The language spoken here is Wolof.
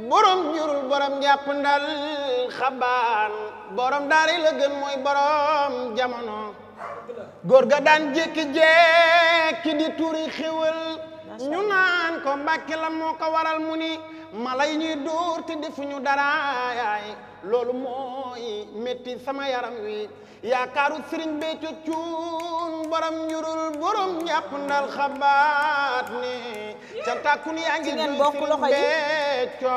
borom jurul borom jàpp ndal borom daari la gën mooy borom jamono góor ga daan jékki-jékki di turi xéwal ñu naan ko mbàkke moo ko waral mu ni mala yi ñuy dóor te defuñu dara yaay loolu mooy métti sama yaram wi yaakaaru sëriñ Béthio Thioune borom njurul borom njàpp ndal ni ca yaa ngi ngeen loxo yi